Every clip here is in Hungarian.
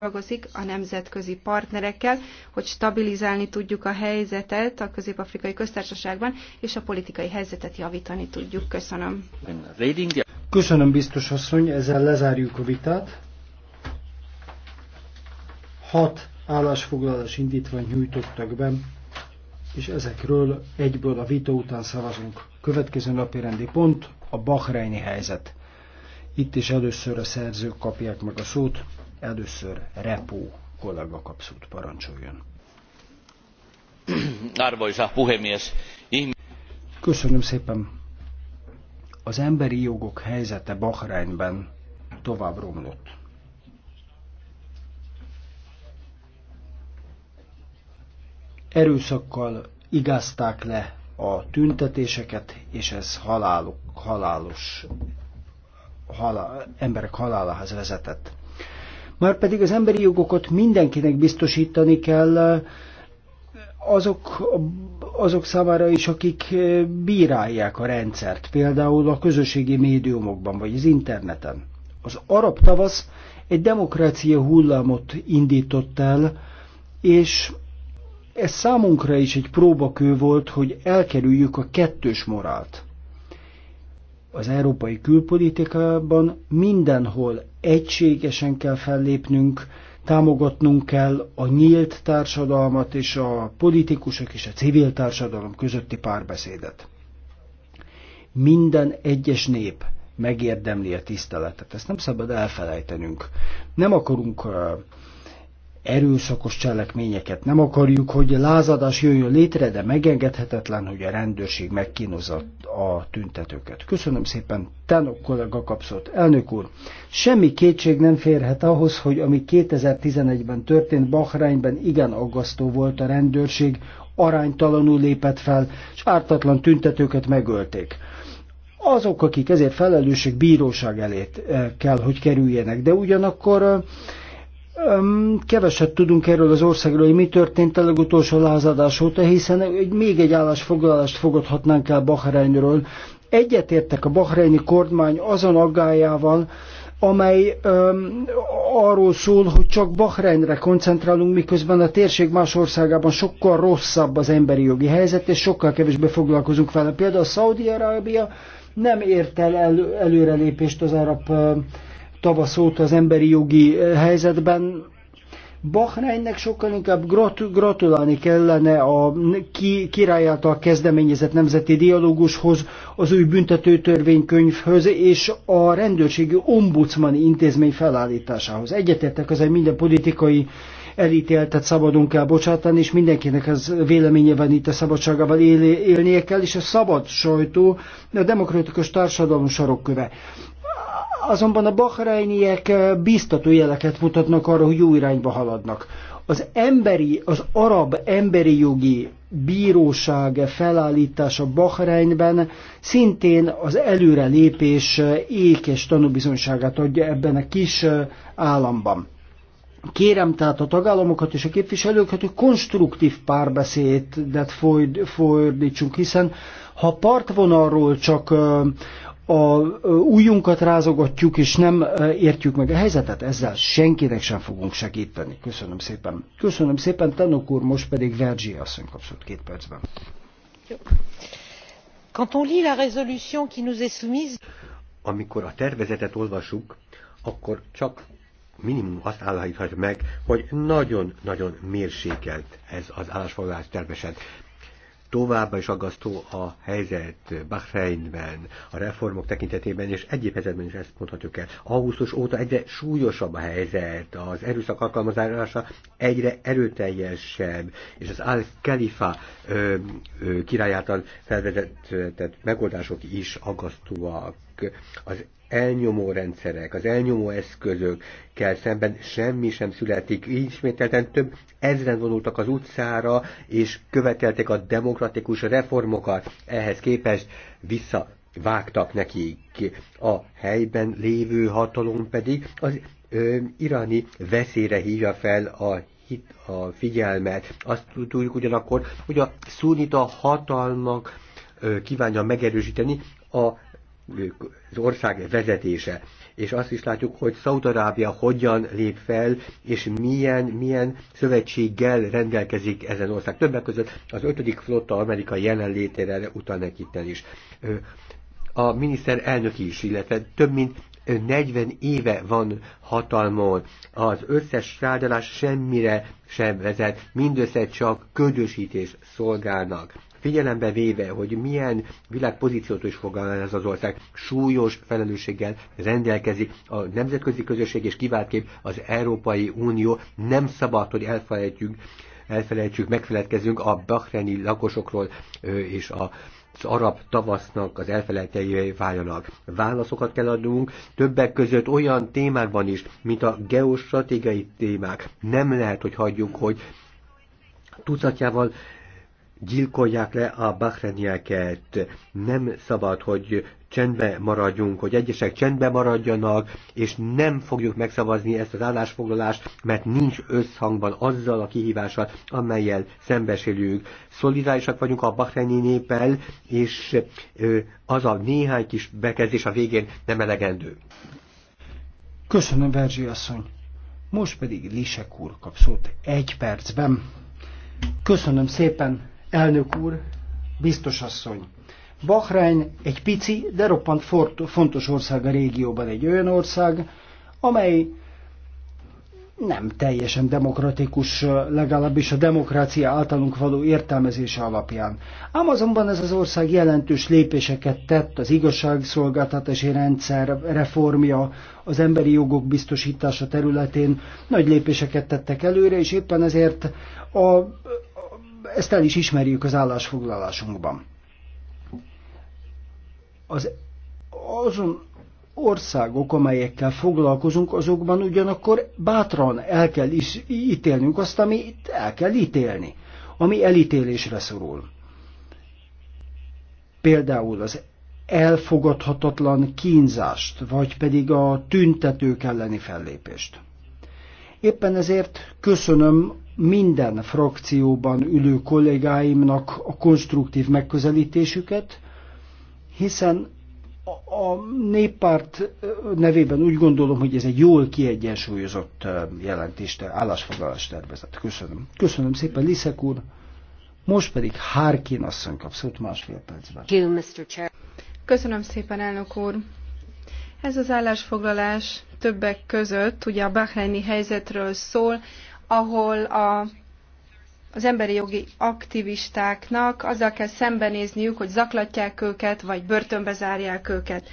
dolgozik a nemzetközi partnerekkel, hogy stabilizálni tudjuk a helyzetet a közép-afrikai köztársaságban, és a politikai helyzetet javítani tudjuk. Köszönöm. Köszönöm, biztos asszony, ezzel lezárjuk a vitát. Hat állásfoglalás indítva nyújtottak be, és ezekről egyből a vita után szavazunk. Következő napi rendi pont a Bahreini helyzet. Itt is először a szerzők kapják meg a szót. Először Repó kollega kapszót parancsoljon. Arvoisa puhemies. Köszönöm szépen. Az emberi jogok helyzete Bahreinben tovább romlott. Erőszakkal igázták le a tüntetéseket, és ez halálok, halálos halál, emberek halálához vezetett. Márpedig az emberi jogokat mindenkinek biztosítani kell azok, azok számára is, akik eh, bírálják a rendszert, például a közösségi médiumokban vagy az interneten. Az arab tavasz egy demokrácia hullámot indított el, és ez számunkra is egy próbakő volt, hogy elkerüljük a kettős morált az európai külpolitikában mindenhol egységesen kell fellépnünk, támogatnunk kell a nyílt társadalmat és a politikusok és a civil társadalom közötti párbeszédet. Minden egyes nép megérdemli a tiszteletet, ezt nem szabad elfelejtenünk. Nem akarunk erőszakos cselekményeket. Nem akarjuk, hogy lázadás jöjjön létre, de megengedhetetlen, hogy a rendőrség megkínozza a tüntetőket. Köszönöm szépen, Tenok kollega kapszott. Elnök úr, semmi kétség nem férhet ahhoz, hogy ami 2011-ben történt Bahreinben, igen aggasztó volt a rendőrség, aránytalanul lépett fel, és ártatlan tüntetőket megölték azok, akik ezért felelősség bíróság elé eh, kell, hogy kerüljenek. De ugyanakkor eh, Keveset tudunk erről az országról, hogy mi történt a legutolsó lázadás óta, hiszen egy, még egy állásfoglalást fogadhatnánk el Bahreinről. Egyetértek a bahreini kormány azon aggájával, amely öm, arról szól, hogy csak Bahreinre koncentrálunk, miközben a térség más országában sokkal rosszabb az emberi jogi helyzet, és sokkal kevésbé foglalkozunk vele. Például a Szaudi-Arábia nem ért el, el előrelépést az arab tavasz óta az emberi jogi eh, helyzetben. Bahreinnek sokkal inkább gratulálni kellene a ki, király által kezdeményezett nemzeti dialógushoz, az új büntetőtörvénykönyvhöz és a rendőrségi ombudsmani intézmény felállításához. Egyetértek az, egy minden politikai elítéltet szabadon kell bocsátani, és mindenkinek az véleménye van itt a szabadságával él, élnie kell, és a szabad sajtó a demokratikus társadalom sarokköve azonban a bahreiniek eh, biztató jeleket mutatnak arra, hogy jó irányba haladnak. Az emberi, az arab emberi jogi bíróság felállítása Bahreinben szintén az előrelépés eh, ékes tanúbizonyságát adja ebben a kis eh, államban. Kérem tehát a tagállamokat és a képviselőket, hogy konstruktív párbeszédet fordítsunk, hiszen ha partvonalról csak a újunkat rázogatjuk, és nem értjük meg a helyzetet, ezzel senkinek sem fogunk segíteni. Köszönöm szépen. Köszönöm szépen, Tanok úr, most pedig Vergyi asszony kapszott két percben. Quand on lit la résolution qui nous est soumise... Amikor a tervezetet olvasuk, akkor csak minimum azt állíthatja meg, hogy nagyon-nagyon mérsékelt ez az állásfoglalás tervezet továbbra is aggasztó a helyzet Bahreinben, a reformok tekintetében, és egyéb helyzetben is ezt mondhatjuk el. Augusztus óta egyre súlyosabb a helyzet, az erőszak alkalmazása egyre erőteljesebb, és az Al-Khalifa király által felvezetett megoldások is aggasztóak. Az elnyomó rendszerek, az elnyomó eszközökkel szemben semmi sem születik. Így ismételten több ezren vonultak az utcára, és követelték a demokratikus reformokat. Ehhez képest visszavágtak nekik. A helyben lévő hatalom pedig az ö, iráni veszélyre hívja fel a hit, a figyelmet. Azt tudjuk ugyanakkor, hogy a szunita hatalmak ö, kívánja megerősíteni a az ország vezetése. És azt is látjuk, hogy Szaudarábia hogyan lép fel, és milyen, milyen szövetséggel rendelkezik ezen ország. Többek között az ötödik flotta amerikai jelenlétére utalnak itten is. A miniszter elnök is, illetve több mint 40 éve van hatalmon. Az összes rádalás semmire sem vezet, mindössze csak ködösítés szolgálnak figyelembe véve, hogy milyen világpozíciót is foglal ez az ország, súlyos felelősséggel rendelkezik a nemzetközi közösség, és kiváltképp az Európai Unió nem szabad, hogy elfelejtjük, elfelejtsük, megfeledkezünk a bahreni lakosokról és a az arab tavasznak az elfelejtei váljanak. Válaszokat kell adnunk, többek között olyan témákban is, mint a geostratégiai témák. Nem lehet, hogy hagyjuk, hogy tucatjával gyilkolják le a bahrenieket. Nem szabad, hogy csendbe maradjunk, hogy egyesek csendbe maradjanak, és nem fogjuk megszavazni ezt az állásfoglalást, mert nincs összhangban azzal a kihívással, amelyel szembesülünk. Szolidárisak vagyunk a bahreni népel, és az a néhány kis bekezdés a végén nem elegendő. Köszönöm, Verzsi asszony. Most pedig Lisek úr kap szót egy percben. Köszönöm szépen, Elnök úr, biztos asszony. Bahrein egy pici, de roppant fontos ország a régióban, egy olyan ország, amely nem teljesen demokratikus, legalábbis a demokrácia általunk való értelmezése alapján. Ám azonban ez az ország jelentős lépéseket tett az igazságszolgáltatási rendszer reformja, az emberi jogok biztosítása területén nagy lépéseket tettek előre, és éppen ezért a ezt el is ismerjük az állásfoglalásunkban. Az azon országok, amelyekkel foglalkozunk, azokban ugyanakkor bátran el kell is ítélnünk azt, amit el kell ítélni, ami elítélésre szorul. Például az elfogadhatatlan kínzást, vagy pedig a tüntetők elleni fellépést. Éppen ezért köszönöm minden frakcióban ülő kollégáimnak a konstruktív megközelítésüket, hiszen a néppárt nevében úgy gondolom, hogy ez egy jól kiegyensúlyozott jelentést, állásfoglalás tervezet. Köszönöm. Köszönöm szépen, Liszek úr. Most pedig Hárkin asszony kap szót másfél percben. Köszönöm szépen, elnök úr. Ez az állásfoglalás többek között ugye a bahreini helyzetről szól, ahol a, az emberi jogi aktivistáknak azzal kell szembenézniük, hogy zaklatják őket, vagy börtönbe zárják őket.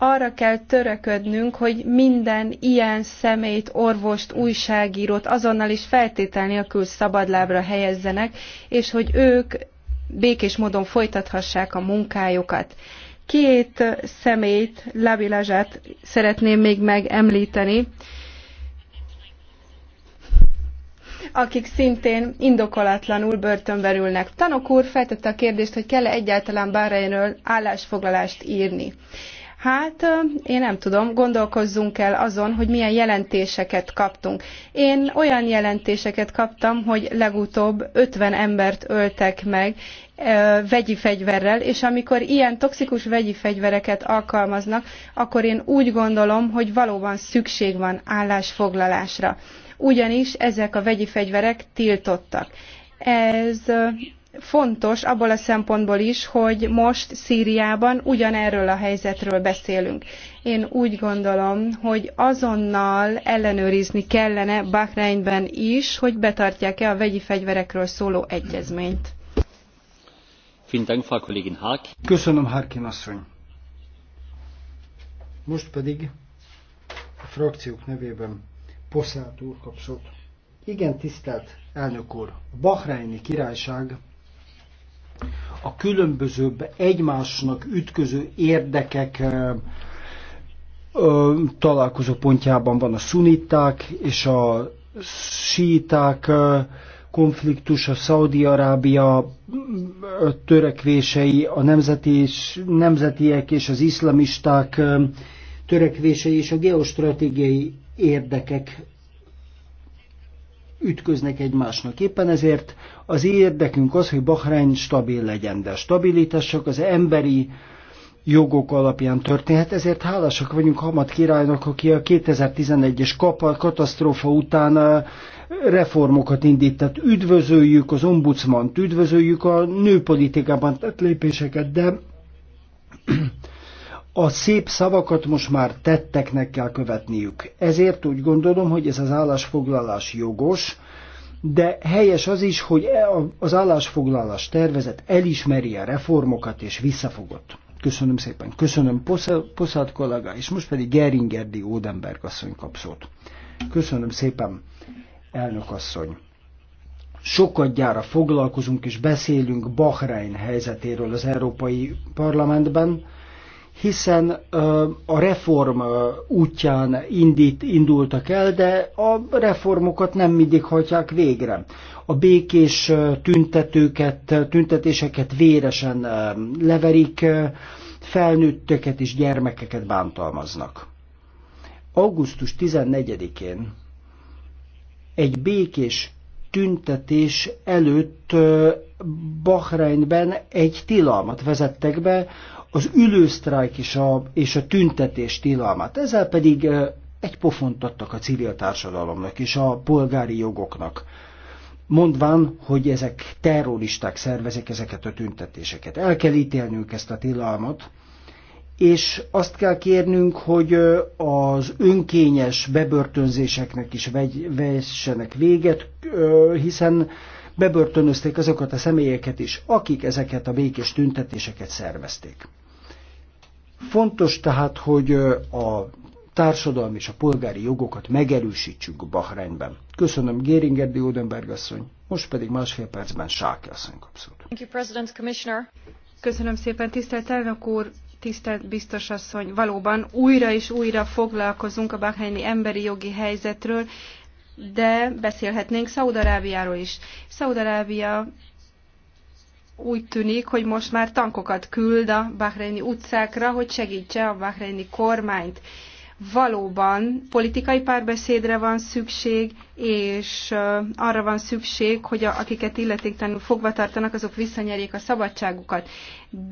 Arra kell törekednünk, hogy minden ilyen szemét, orvost, újságírót azonnal is feltétel nélkül szabadlábra helyezzenek, és hogy ők békés módon folytathassák a munkájukat két szemét, Lavilazsát szeretném még megemlíteni, akik szintén indokolatlanul börtönbe ülnek. Tanok úr feltette a kérdést, hogy kell-e egyáltalán Bahreinről állásfoglalást írni. Hát én nem tudom, gondolkozzunk el azon, hogy milyen jelentéseket kaptunk. Én olyan jelentéseket kaptam, hogy legutóbb 50 embert öltek meg vegyi fegyverrel, és amikor ilyen toxikus vegyi fegyvereket alkalmaznak, akkor én úgy gondolom, hogy valóban szükség van állásfoglalásra ugyanis ezek a vegyi fegyverek tiltottak. Ez fontos abból a szempontból is, hogy most Szíriában ugyanerről a helyzetről beszélünk. Én úgy gondolom, hogy azonnal ellenőrizni kellene Bahreinben is, hogy betartják-e a vegyi fegyverekről szóló egyezményt. Köszönöm, Harkin asszony. Most pedig a frakciók nevében Poszát úr kapszott. Igen, tisztelt elnök úr, a Bahreini királyság a különbözőbb egymásnak ütköző érdekek találkozó pontjában van a szuniták és a síták konfliktus, a Szaudi-Arábia törekvései, a nemzeti és, nemzetiek és az iszlamisták törekvései és a geostratégiai érdekek ütköznek egymásnak. Éppen ezért az érdekünk az, hogy Bahrein stabil legyen, de a stabilitás csak az emberi jogok alapján történhet, ezért hálásak vagyunk Hamad királynak, aki a 2011-es katasztrófa után reformokat indított. Üdvözöljük az ombudsmant, üdvözöljük a nőpolitikában tett lépéseket, de a szép szavakat most már tetteknek kell követniük. Ezért úgy gondolom, hogy ez az állásfoglalás jogos, de helyes az is, hogy e az állásfoglalás tervezet elismeri a reformokat és visszafogott. Köszönöm szépen. Köszönöm Poszát kollega, és most pedig Geringerdi Ódenberg asszony kapszót. Köszönöm szépen, elnök asszony. Sokat gyára foglalkozunk és beszélünk Bahrein helyzetéről az Európai Parlamentben, hiszen a reform útján indít, indultak el, de a reformokat nem mindig hagyják végre. A békés tüntetőket, tüntetéseket véresen leverik, felnőtteket és gyermekeket bántalmaznak. Augusztus 14-én egy békés tüntetés előtt Bahreinben egy tilalmat vezettek be, az ülősztrájk és a, és a tüntetés tilalmát. Ezzel pedig egy pofont adtak a civil társadalomnak és a polgári jogoknak mondván, hogy ezek terroristák szervezik ezeket a tüntetéseket. El kell ítélnünk ezt a tilalmat, és azt kell kérnünk, hogy az önkényes bebörtönzéseknek is vessenek véget, hiszen bebörtönözték azokat a személyeket is, akik ezeket a békés tüntetéseket szervezték. Fontos tehát, hogy a társadalmi és a polgári jogokat megerősítsük Bahreinben. Köszönöm Géring Eddi Odenberg asszony, most pedig másfél percben Sáke asszony kapszót. Köszönöm szépen, tisztelt elnök úr, tisztelt biztos asszony, valóban újra és újra foglalkozunk a bahreini emberi jogi helyzetről, de beszélhetnénk Szaudarábiáról is. Szaudarábia úgy tűnik, hogy most már tankokat küld a bahreini utcákra, hogy segítse a bahreini kormányt. Valóban politikai párbeszédre van szükség, és arra van szükség, hogy a, akiket illetéktelenül fogva tartanak, azok visszanyerjék a szabadságukat.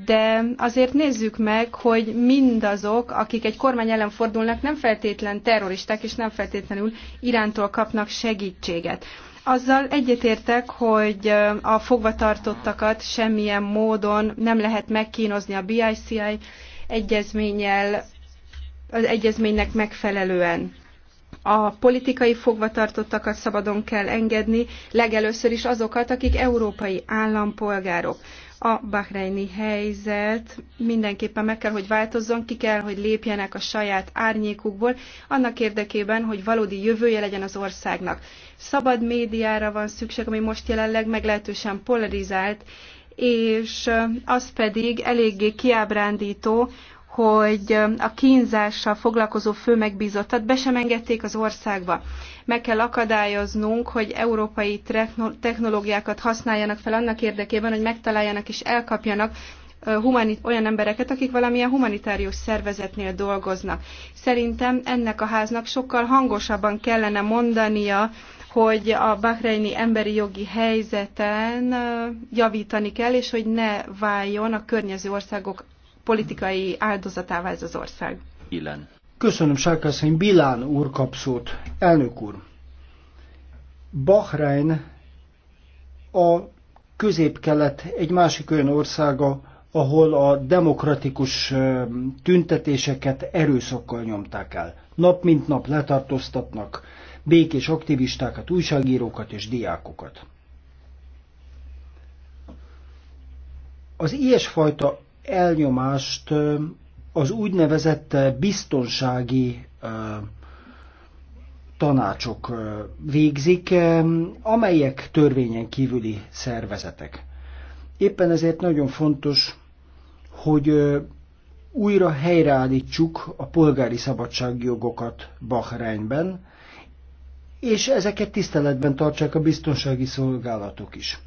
De azért nézzük meg, hogy mindazok, akik egy kormány ellen fordulnak, nem feltétlen terroristák, és nem feltétlenül Irántól kapnak segítséget. Azzal egyetértek, hogy a fogvatartottakat semmilyen módon nem lehet megkínozni a BICI egyezménnyel az egyezménynek megfelelően. A politikai fogvatartottakat szabadon kell engedni, legelőször is azokat, akik európai állampolgárok. A bahreini helyzet mindenképpen meg kell, hogy változzon, ki kell, hogy lépjenek a saját árnyékukból, annak érdekében, hogy valódi jövője legyen az országnak. Szabad médiára van szükség, ami most jelenleg meglehetősen polarizált, és az pedig eléggé kiábrándító, hogy a kínzással foglalkozó főmegbízottat be sem engedték az országba. Meg kell akadályoznunk, hogy európai technológiákat használjanak fel annak érdekében, hogy megtaláljanak és elkapjanak olyan embereket, akik valamilyen humanitárius szervezetnél dolgoznak. Szerintem ennek a háznak sokkal hangosabban kellene mondania, hogy a bahreini emberi jogi helyzeten javítani kell, és hogy ne váljon a környező országok politikai áldozatává ez az ország. Illen. Köszönöm, Sárkászony. Bilán úr kapszót, Elnök úr. Bahrein a közép-kelet egy másik olyan országa, ahol a demokratikus tüntetéseket erőszakkal nyomták el. Nap mint nap letartóztatnak békés aktivistákat, újságírókat és diákokat. Az ilyesfajta elnyomást az úgynevezett biztonsági tanácsok végzik, amelyek törvényen kívüli szervezetek. Éppen ezért nagyon fontos, hogy újra helyreállítsuk a polgári szabadságjogokat Bahreinben, és ezeket tiszteletben tartsák a biztonsági szolgálatok is.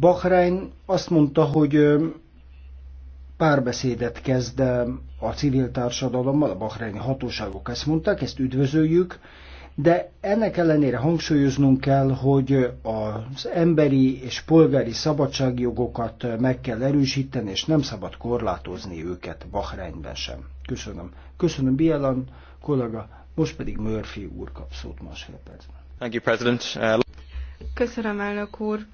Bahrein azt mondta, hogy párbeszédet kezd a civil társadalommal, a bahreini hatóságok ezt mondták, ezt üdvözöljük, de ennek ellenére hangsúlyoznunk kell, hogy az emberi és polgári szabadságjogokat meg kell erősíteni, és nem szabad korlátozni őket Bahreinben sem. Köszönöm. Köszönöm Bielan kollega, most pedig Murphy úr kap szót másfél percben. Thank you, President. Uh, Köszönöm, elnök úr.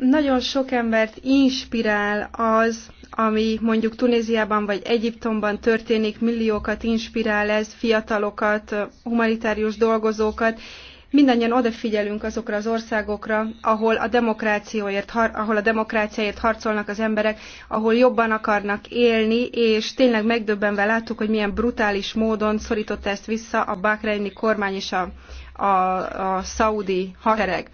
Nagyon sok embert inspirál az, ami mondjuk Tunéziában vagy Egyiptomban történik, milliókat inspirál ez, fiatalokat, humanitárius dolgozókat, mindannyian odafigyelünk azokra az országokra, ahol a demokrációért, ahol a demokráciáért harcolnak az emberek, ahol jobban akarnak élni, és tényleg megdöbbenve láttuk, hogy milyen brutális módon szorította ezt vissza a Bahreini kormány és a, a, a szaudi hadereg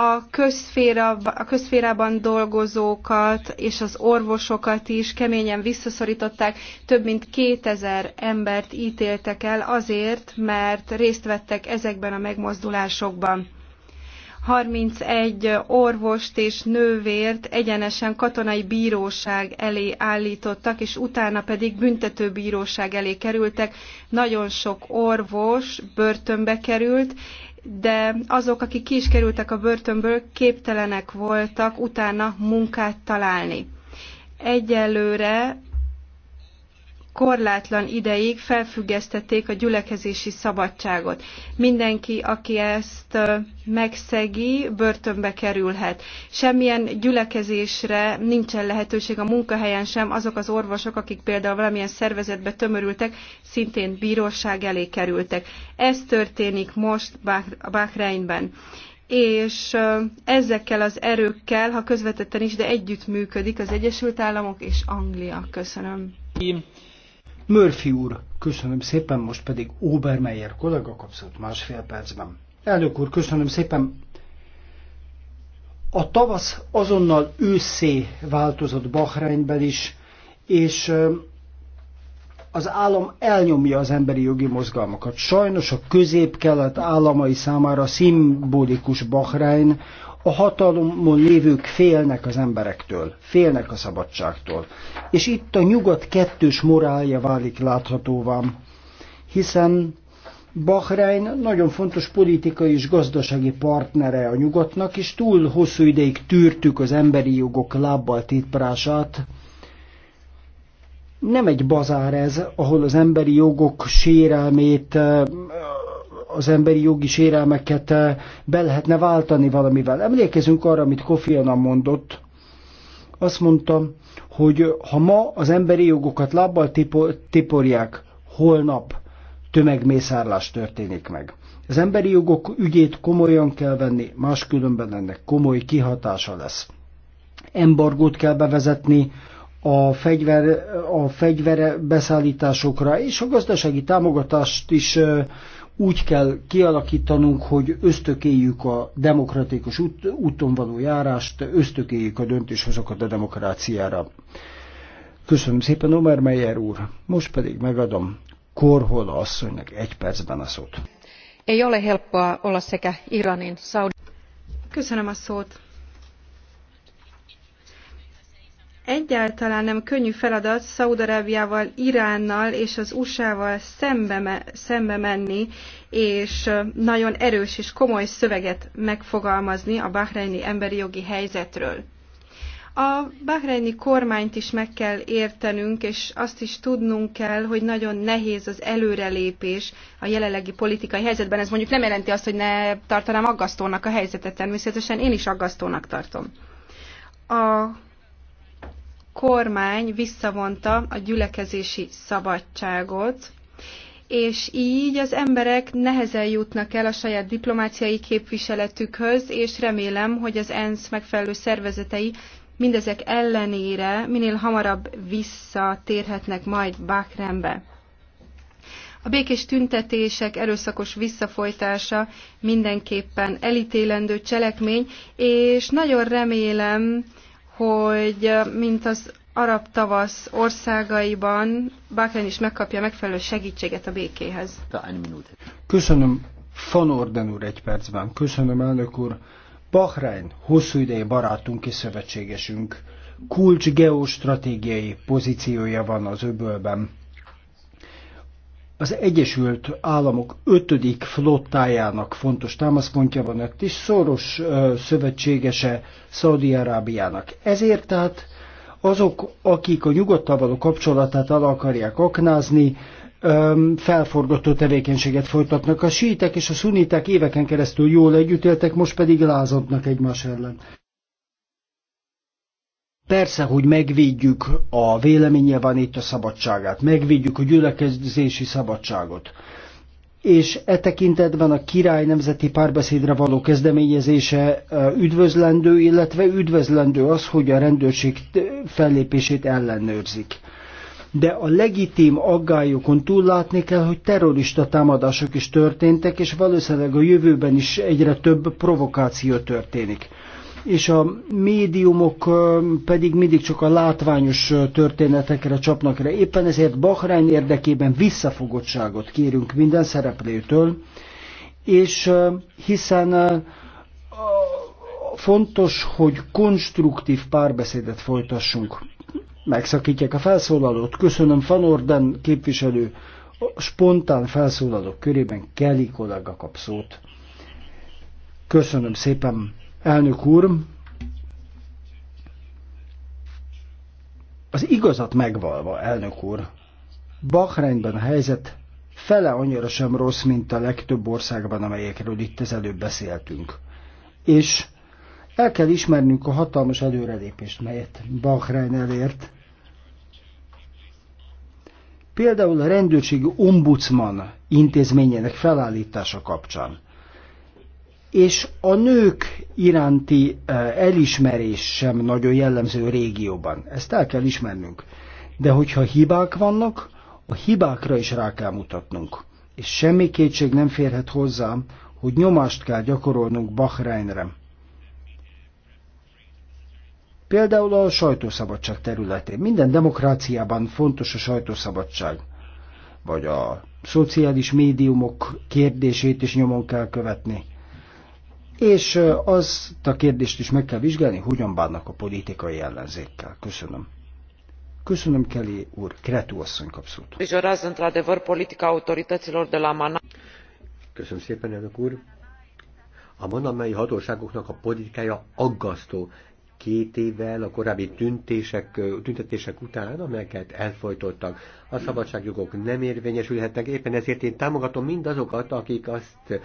a, közféra, a közférában dolgozókat és az orvosokat is keményen visszaszorították. Több mint 2000 embert ítéltek el azért, mert részt vettek ezekben a megmozdulásokban. 31 orvost és nővért egyenesen katonai bíróság elé állítottak, és utána pedig büntető bíróság elé kerültek. Nagyon sok orvos börtönbe került, de azok, akik ki is kerültek a börtönből, képtelenek voltak utána munkát találni. Egyelőre korlátlan ideig felfüggesztették a gyülekezési szabadságot. Mindenki, aki ezt megszegi, börtönbe kerülhet. Semmilyen gyülekezésre nincsen lehetőség a munkahelyen sem, azok az orvosok, akik például valamilyen szervezetbe tömörültek, szintén bíróság elé kerültek. Ez történik most Bahreinben és ezekkel az erőkkel, ha közvetetten is, de együtt működik az Egyesült Államok és Anglia. Köszönöm. Murphy úr, köszönöm szépen, most pedig Obermeyer kollega kapszott másfél percben. Elnök úr, köszönöm szépen. A tavasz azonnal őszé változott Bahreinben is, és az állam elnyomja az emberi jogi mozgalmakat. Sajnos a közép-kelet államai számára szimbolikus Bahrein a hatalomon lévők félnek az emberektől, félnek a szabadságtól. És itt a nyugat kettős morálja válik láthatóvá, hiszen Bahrein nagyon fontos politikai és gazdasági partnere a nyugatnak, és túl hosszú ideig tűrtük az emberi jogok lábbal tétprását. Nem egy bazár ez, ahol az emberi jogok sérelmét az emberi jogi sérelmeket eh, be lehetne váltani valamivel. Emlékezünk arra, amit Kofi Annan mondott. Azt mondtam, hogy ha ma az emberi jogokat lábbal tiporják, holnap tömegmészárlás történik meg. Az emberi jogok ügyét komolyan kell venni, máskülönben ennek komoly kihatása lesz. Embargót kell bevezetni a, fegyver, a fegyvere beszállításokra, és a gazdasági támogatást is eh, úgy kell kialakítanunk, hogy ösztökéljük a demokratikus út, úton való járást, ösztökéljük a döntéshozokat a demokráciára. Köszönöm szépen, Omer Meyer úr. Most pedig megadom korhol asszonynak egy percben a szót. Ei ole helppoa olla sekä Iranin, Saudi... Köszönöm a szót Egyáltalán nem könnyű feladat Szaudarábiával, Iránnal és az USA-val szembe, me- szembe menni, és nagyon erős és komoly szöveget megfogalmazni a bahreini emberi jogi helyzetről. A bahreini kormányt is meg kell értenünk, és azt is tudnunk kell, hogy nagyon nehéz az előrelépés a jelenlegi politikai helyzetben. Ez mondjuk nem jelenti azt, hogy ne tartanám aggasztónak a helyzetet, természetesen én is aggasztónak tartom. A kormány visszavonta a gyülekezési szabadságot, és így az emberek nehezen jutnak el a saját diplomáciai képviseletükhöz, és remélem, hogy az ENSZ megfelelő szervezetei mindezek ellenére minél hamarabb visszatérhetnek majd Bákrembe. A békés tüntetések erőszakos visszafolytása mindenképpen elítélendő cselekmény, és nagyon remélem, hogy mint az arab tavasz országaiban Bakrán is megkapja megfelelő segítséget a békéhez. Köszönöm, Van Orden úr egy percben. Köszönöm, elnök úr. Bahrein hosszú ideje barátunk és szövetségesünk. Kulcs geostratégiai pozíciója van az öbölben az Egyesült Államok ötödik flottájának fontos támaszpontja van ott, és szoros szövetségese Szaudi-Arábiának. Ezért tehát azok, akik a nyugodtan való kapcsolatát el akarják aknázni, felforgató tevékenységet folytatnak. A síitek és a szuniták éveken keresztül jól együtt éltek, most pedig lázadnak egymás ellen. Persze, hogy megvédjük a véleménye van itt a szabadságát, megvédjük a gyülekezési szabadságot. És e tekintetben a király nemzeti párbeszédre való kezdeményezése üdvözlendő, illetve üdvözlendő az, hogy a rendőrség fellépését ellenőrzik. De a legitim aggályokon túllátni kell, hogy terrorista támadások is történtek, és valószínűleg a jövőben is egyre több provokáció történik és a médiumok pedig mindig csak a látványos történetekre csapnak rá. Éppen ezért Bahrein érdekében visszafogottságot kérünk minden szereplőtől, és hiszen fontos, hogy konstruktív párbeszédet folytassunk. Megszakítják a felszólalót. Köszönöm Fanorden képviselő a spontán felszólalók körében Kelly kollega kap szót. Köszönöm szépen. Elnök úr, az igazat megvalva, elnök úr, Bahreinben a helyzet fele annyira sem rossz, mint a legtöbb országban, amelyekről itt az előbb beszéltünk. És el kell ismernünk a hatalmas előrelépést, melyet Bahrein elért. Például a rendőrségi ombudsman intézményének felállítása kapcsán és a nők iránti e, elismerés sem nagyon jellemző régióban. Ezt el kell ismernünk. De hogyha hibák vannak, a hibákra is rá kell mutatnunk. És semmi kétség nem férhet hozzá, hogy nyomást kell gyakorolnunk Bahreinre. Például a sajtószabadság területén. Minden demokráciában fontos a sajtószabadság. Vagy a szociális médiumok kérdését is nyomon kell követni és azt a kérdést is meg kell vizsgálni, hogyan bánnak a politikai ellenzékkel. Köszönöm. Köszönöm, Kelly úr. Kretu asszony kapszót. Köszönöm szépen, elnök úr. A manamai hatóságoknak a politikája aggasztó. Két évvel a korábbi tüntések, tüntetések után, amelyeket elfolytottak, a szabadságjogok nem érvényesülhetnek, éppen ezért én támogatom mindazokat, akik azt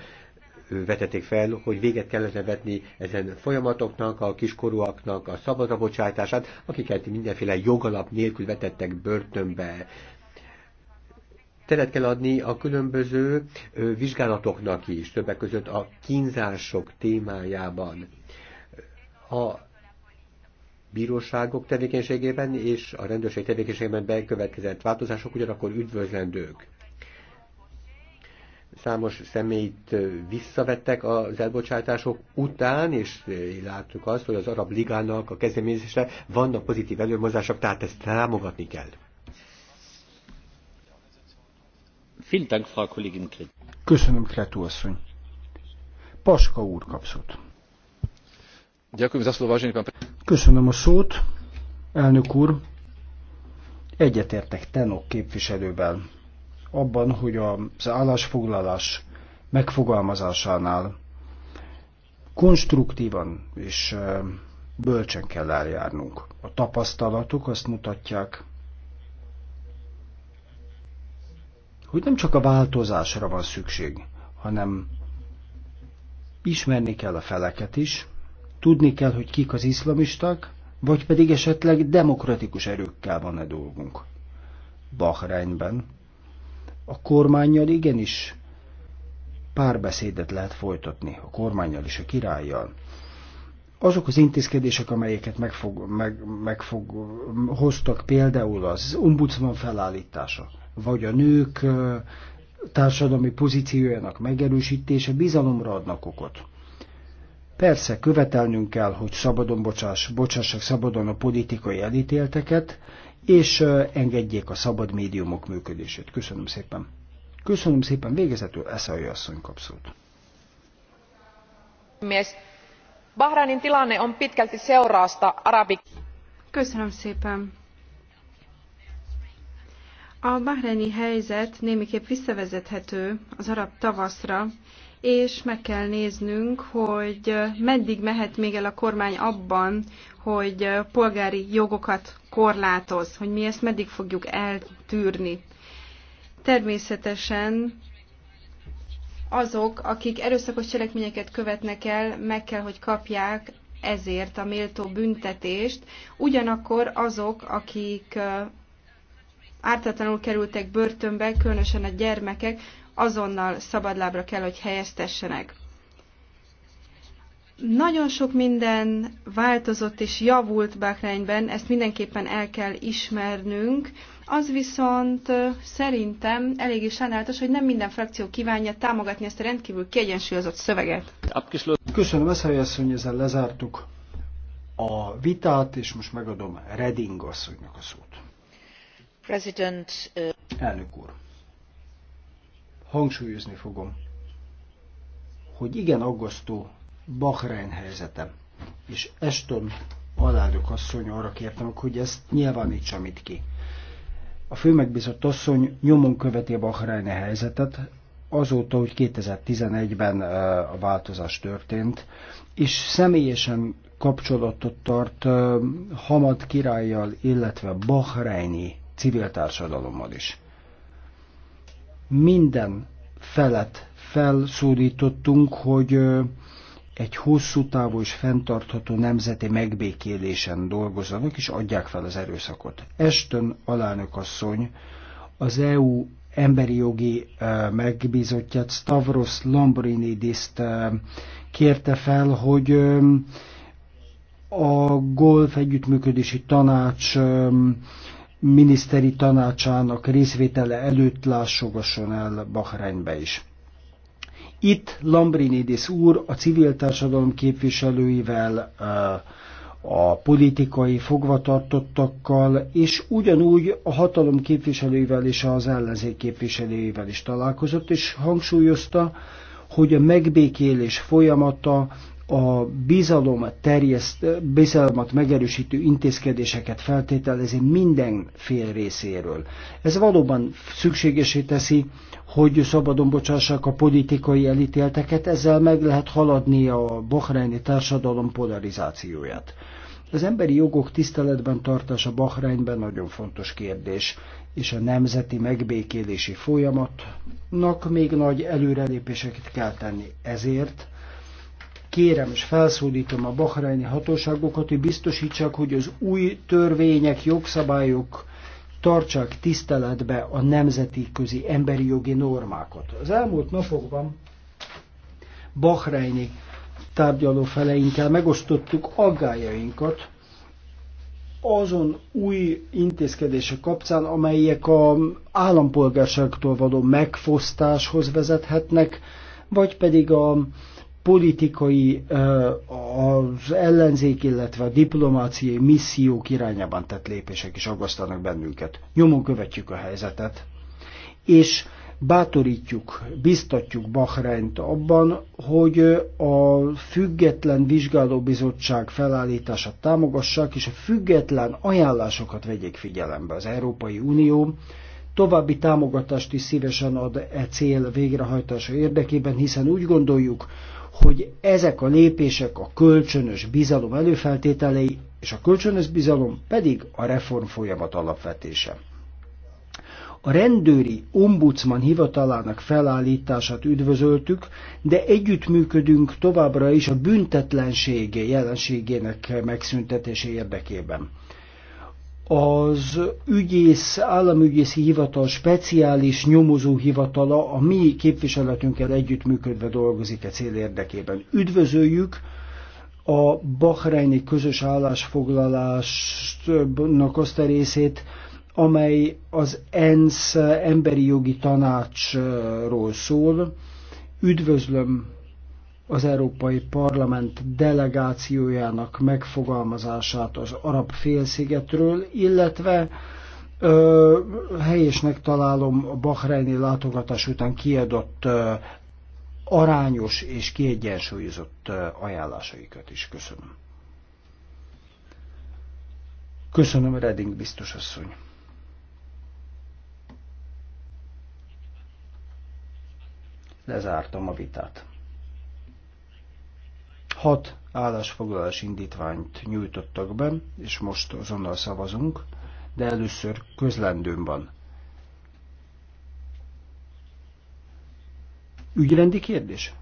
vetették fel, hogy véget kellene vetni ezen folyamatoknak, a kiskorúaknak a szabadrabocsátását, akiket mindenféle jogalap nélkül vetettek börtönbe teret kell adni a különböző vizsgálatoknak is, többek között a kínzások témájában. A bíróságok tevékenységében és a rendőrség tevékenységében bekövetkezett változások ugyanakkor üdvözlendők számos személyt visszavettek az elbocsátások után, és láttuk azt, hogy az Arab Ligának a kezdeményezésre vannak pozitív előmozások, tehát ezt támogatni kell. Köszönöm, Kretú asszony. Paska úr kapszott. Köszönöm a szót, elnök úr. Egyetértek Tenok képviselővel abban, hogy az állásfoglalás megfogalmazásánál konstruktívan és bölcsen kell eljárnunk. A tapasztalatok azt mutatják, hogy nem csak a változásra van szükség, hanem ismerni kell a feleket is, tudni kell, hogy kik az iszlamisták, vagy pedig esetleg demokratikus erőkkel van-e dolgunk. Bahreinben a kormányjal igenis párbeszédet lehet folytatni, a kormányjal és a királlyal. Azok az intézkedések, amelyeket megfog, meg, megfog, hoztak, például az ombudsman felállítása, vagy a nők társadalmi pozíciójának megerősítése bizalomra adnak okot. Persze követelnünk kell, hogy szabadon bocsáss, bocsássak szabadon a politikai elítélteket, és engedjék a szabad médiumok működését. Köszönöm szépen. Köszönöm szépen végezetül Eszai asszony kapszót. Bahrainin tilanne on pitkälti seurausta arabik... Köszönöm szépen. A bahreini helyzet némiképp visszavezethető az arab tavaszra, és meg kell néznünk, hogy meddig mehet még el a kormány abban, hogy polgári jogokat korlátoz, hogy mi ezt meddig fogjuk eltűrni. Természetesen azok, akik erőszakos cselekményeket követnek el, meg kell, hogy kapják ezért a méltó büntetést, ugyanakkor azok, akik ártatlanul kerültek börtönbe, különösen a gyermekek, azonnal szabadlábra kell, hogy helyeztessenek. Nagyon sok minden változott és javult Bahreinben, ezt mindenképpen el kell ismernünk. Az viszont szerintem eléggé sajnálatos, hogy nem minden frakció kívánja támogatni ezt a rendkívül kiegyensúlyozott szöveget. Köszönöm, ezt helyesszony, ezzel lezártuk a vitát, és most megadom Reding asszonynak a szót. President, uh... Elnök úr! hangsúlyozni fogom, hogy igen aggasztó Bahrein helyzete, és Eston alelnök asszony arra kértem, hogy ezt nyilvánítsam itt ki. A főmegbízott asszony nyomon követi a Bahreini helyzetet, azóta, hogy 2011-ben a változás történt, és személyesen kapcsolatot tart Hamad királlyal, illetve Bahreini civil társadalommal is minden felet felszólítottunk, hogy egy hosszú távú és fenntartható nemzeti megbékélésen dolgozzanak, és adják fel az erőszakot. Eston asszony az EU emberi jogi megbízottját Stavros Lambrinidis-t kérte fel, hogy a golf együttműködési tanács miniszteri tanácsának részvétele előtt lássogasson el Bahreinbe is. Itt Lambrinidis úr a civil társadalom képviselőivel, eh, a politikai fogvatartottakkal, és ugyanúgy a hatalom képviselőivel és az ellenzék képviselőivel is találkozott, és hangsúlyozta, hogy a megbékélés folyamata a bizalom terjeszt, bizalmat megerősítő intézkedéseket feltételezi minden fél részéről. Ez valóban szükségesé teszi, hogy szabadon bocsássák a politikai elítélteket, ezzel meg lehet haladni a bahreini társadalom polarizációját. Az emberi jogok tiszteletben tartása Bahreinben nagyon fontos kérdés, és a nemzeti megbékélési folyamatnak még nagy előrelépéseket kell tenni. Ezért kérem és felszólítom a bahreini hatóságokat, hogy biztosítsák, hogy az új törvények, jogszabályok tartsák tiszteletbe a nemzeti közi emberi jogi normákat. Az elmúlt napokban bahreini tárgyaló feleinkkel megosztottuk aggájainkat azon új intézkedések kapcsán, amelyek a állampolgárságtól való megfosztáshoz vezethetnek, vagy pedig a politikai, az ellenzék, illetve a diplomáciai missziók irányában tett lépések is aggasztanak bennünket. Nyomon követjük a helyzetet, és bátorítjuk, biztatjuk Bahreint abban, hogy a független vizsgálóbizottság felállítását támogassák, és a független ajánlásokat vegyék figyelembe. Az Európai Unió további támogatást is szívesen ad e cél végrehajtása érdekében, hiszen úgy gondoljuk, hogy ezek a lépések a kölcsönös bizalom előfeltételei, és a kölcsönös bizalom pedig a reform folyamat alapvetése. A rendőri ombudsman hivatalának felállítását üdvözöltük, de együttműködünk továbbra is a büntetlenség jelenségének megszüntetése érdekében az ügyész, államügyészi hivatal speciális nyomozó hivatala a mi képviseletünkkel együttműködve dolgozik a e cél érdekében. Üdvözöljük a Bahreini közös állásfoglalásnak azt a részét, amely az ENSZ emberi jogi tanácsról szól. Üdvözlöm az Európai Parlament delegációjának megfogalmazását az arab félszigetről, illetve ö, helyésnek találom a Bahreini látogatás után kiadott ö, arányos és kiegyensúlyozott ö, ajánlásaikat is. Köszönöm. Köszönöm, Redding biztos asszony. Lezártam a vitát. Hat állásfoglalás indítványt nyújtottak be, és most azonnal szavazunk, de először közlendőn van. Ügyrendi kérdés?